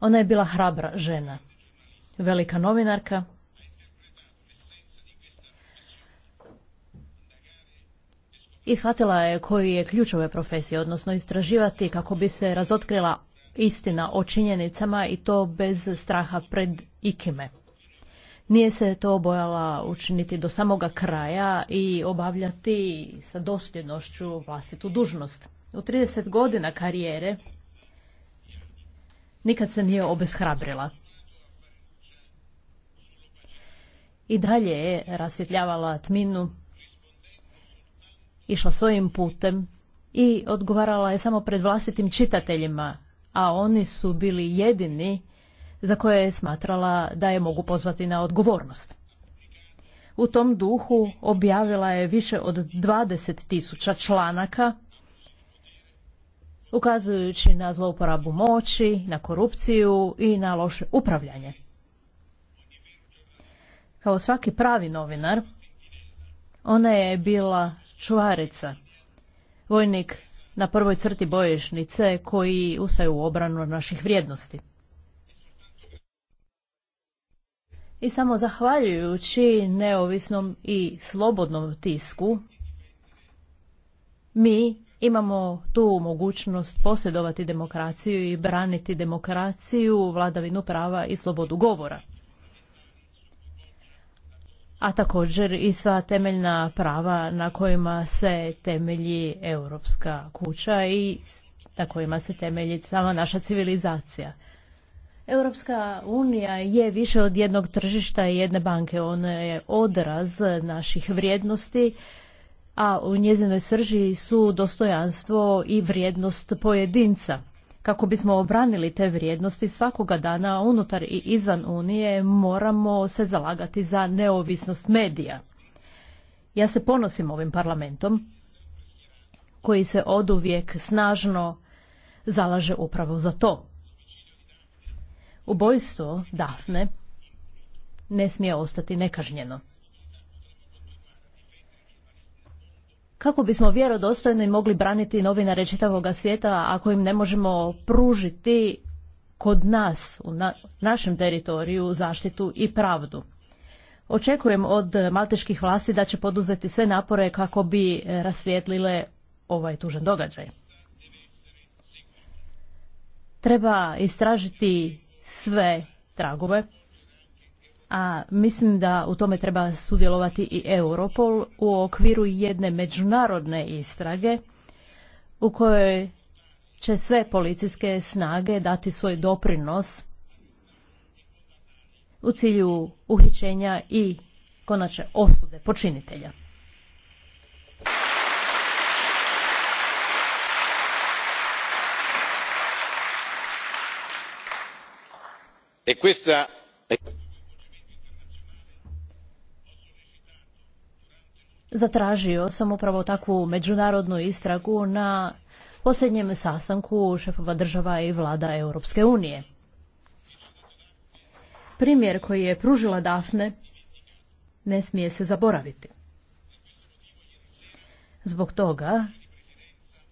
Ona je bila hrabra žena, velika novinarka. I shvatila je koji je ključ ove profesije, odnosno istraživati kako bi se razotkrila istina o činjenicama i to bez straha pred ikime. Nije se to bojala učiniti do samoga kraja i obavljati sa dosljednošću vlastitu dužnost u 30 godina karijere nikad se nije obeshrabrila. I dalje je rasvjetljavala tminu, išla svojim putem i odgovarala je samo pred vlastitim čitateljima, a oni su bili jedini za koje je smatrala da je mogu pozvati na odgovornost. U tom duhu objavila je više od 20 tisuća članaka ukazujući na zlouporabu moći, na korupciju i na loše upravljanje. Kao svaki pravi novinar, ona je bila čuvarica, vojnik na prvoj crti boješnice koji usaju u obranu naših vrijednosti. I samo zahvaljujući neovisnom i slobodnom tisku, mi Imamo tu mogućnost posjedovati demokraciju i braniti demokraciju, vladavinu prava i slobodu govora. A također i sva temeljna prava na kojima se temelji europska kuća i na kojima se temelji sama naša civilizacija. Europska unija je više od jednog tržišta i jedne banke. Ona je odraz naših vrijednosti, a u njezinoj srži su dostojanstvo i vrijednost pojedinca. Kako bismo obranili te vrijednosti svakoga dana unutar i izvan Unije moramo se zalagati za neovisnost medija. Ja se ponosim ovim parlamentom koji se oduvijek snažno zalaže upravo za to. Ubojstvo Dafne ne smije ostati nekažnjeno. Kako bismo vjerodostojno mogli braniti novinare čitavog svijeta ako im ne možemo pružiti kod nas, u našem teritoriju, zaštitu i pravdu? Očekujem od malteških vlasti da će poduzeti sve napore kako bi e, rasvijetlile ovaj tužan događaj. Treba istražiti sve tragove a mislim da u tome treba sudjelovati i Europol u okviru jedne međunarodne istrage u kojoj će sve policijske snage dati svoj doprinos u cilju uhićenja i konačne osude počinitelja. E Zatražio sam upravo takvu međunarodnu istragu na posljednjem sastanku šefova država i vlada Europske unije. Primjer koji je pružila Dafne ne smije se zaboraviti. Zbog toga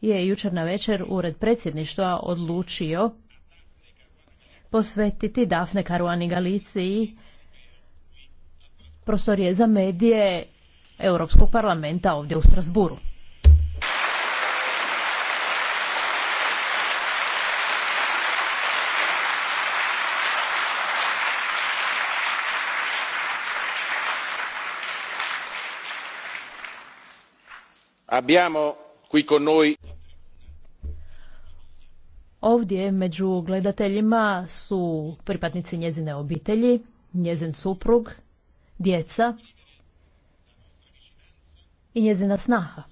je jučer na večer ured predsjedništva odlučio posvetiti Dafne Karuani Galiciji prostorije za medije Europskog parlamenta ovdje u Strasburu. Abbiamo qui con Ovdje među gledateljima su pripadnici njezine obitelji, njezin suprug, djeca, i njezina snaha.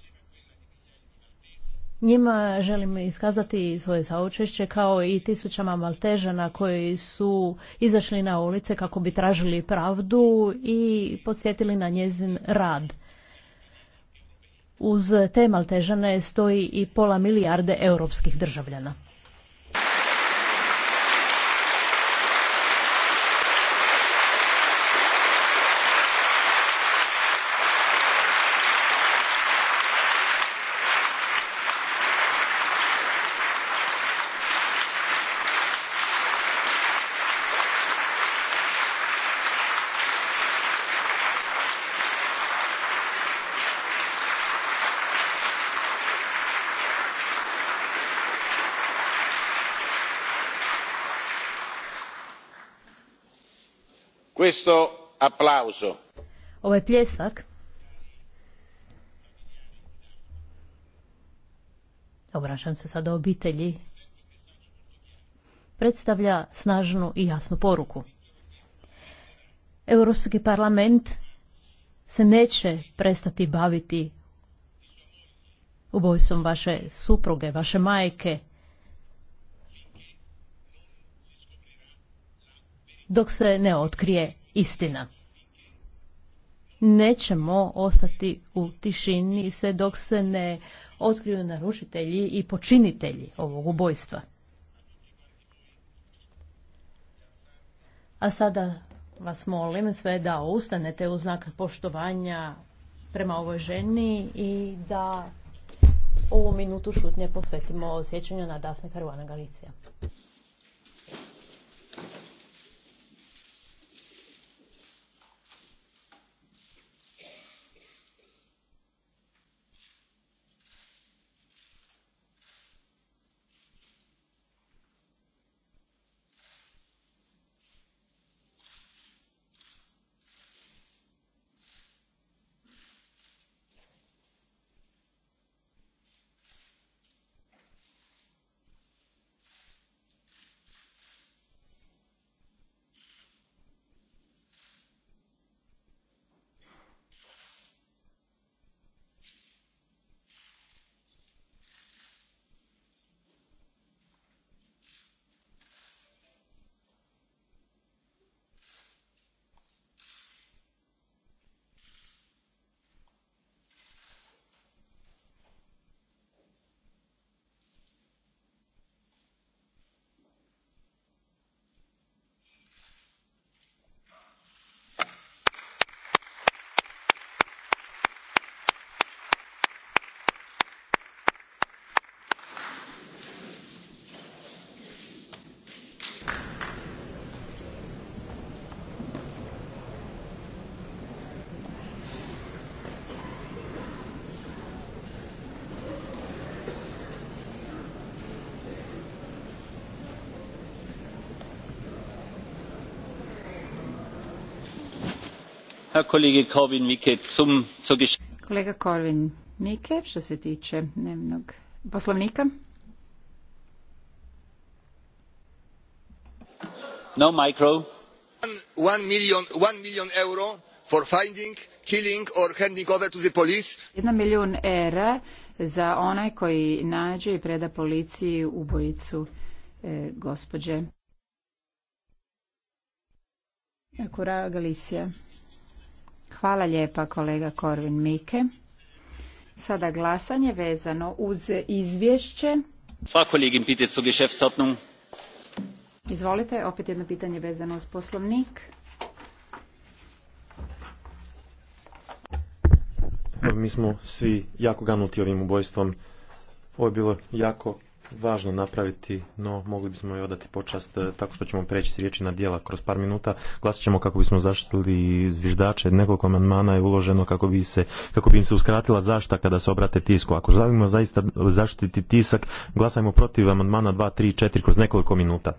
Njima želim iskazati svoje saučešće kao i tisućama Maltežana koji su izašli na ulice kako bi tražili pravdu i posjetili na njezin rad. Uz te Maltežane stoji i pola milijarde europskih državljana. Questo applauso. Ovaj pljesak obraćam se sada obitelji, predstavlja snažnu i jasnu poruku. Europski parlament se neće prestati baviti ubojstvom vaše supruge, vaše majke, dok se ne otkrije istina. Nećemo ostati u tišini sve dok se ne otkriju narušitelji i počinitelji ovog ubojstva. A sada vas molim sve da ustanete u znak poštovanja prema ovoj ženi i da ovu minutu šutnje posvetimo sjećanju na Dafne Karuana Galicija. Kolega Korvin Mike, što se tiče dnevnog poslovnika. One for finding, killing or Jedan milijun era za onaj koji nađe i preda policiji ubojicu e, gospođe. Kura Hvala lijepa kolega Korvin Mike. Sada glasanje vezano uz izvješće. Izvolite, opet jedno pitanje vezano uz poslovnik. Mi smo svi jako ganuti ovim ubojstvom. Ovo je bilo jako važno napraviti, no mogli bismo i odati počast e, tako što ćemo preći s riječi na dijela kroz par minuta. glasit ćemo kako bismo zaštitili zviždače. Nekoliko amandmana je uloženo kako bi, se, kako bi im se uskratila zašta kada se obrate tisku. Ako želimo zaista zaštititi tisak, glasajmo protiv amandmana 2, 3, 4 kroz nekoliko minuta.